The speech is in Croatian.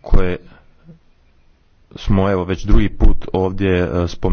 koje smo evo već drugi put ovdje spomenuli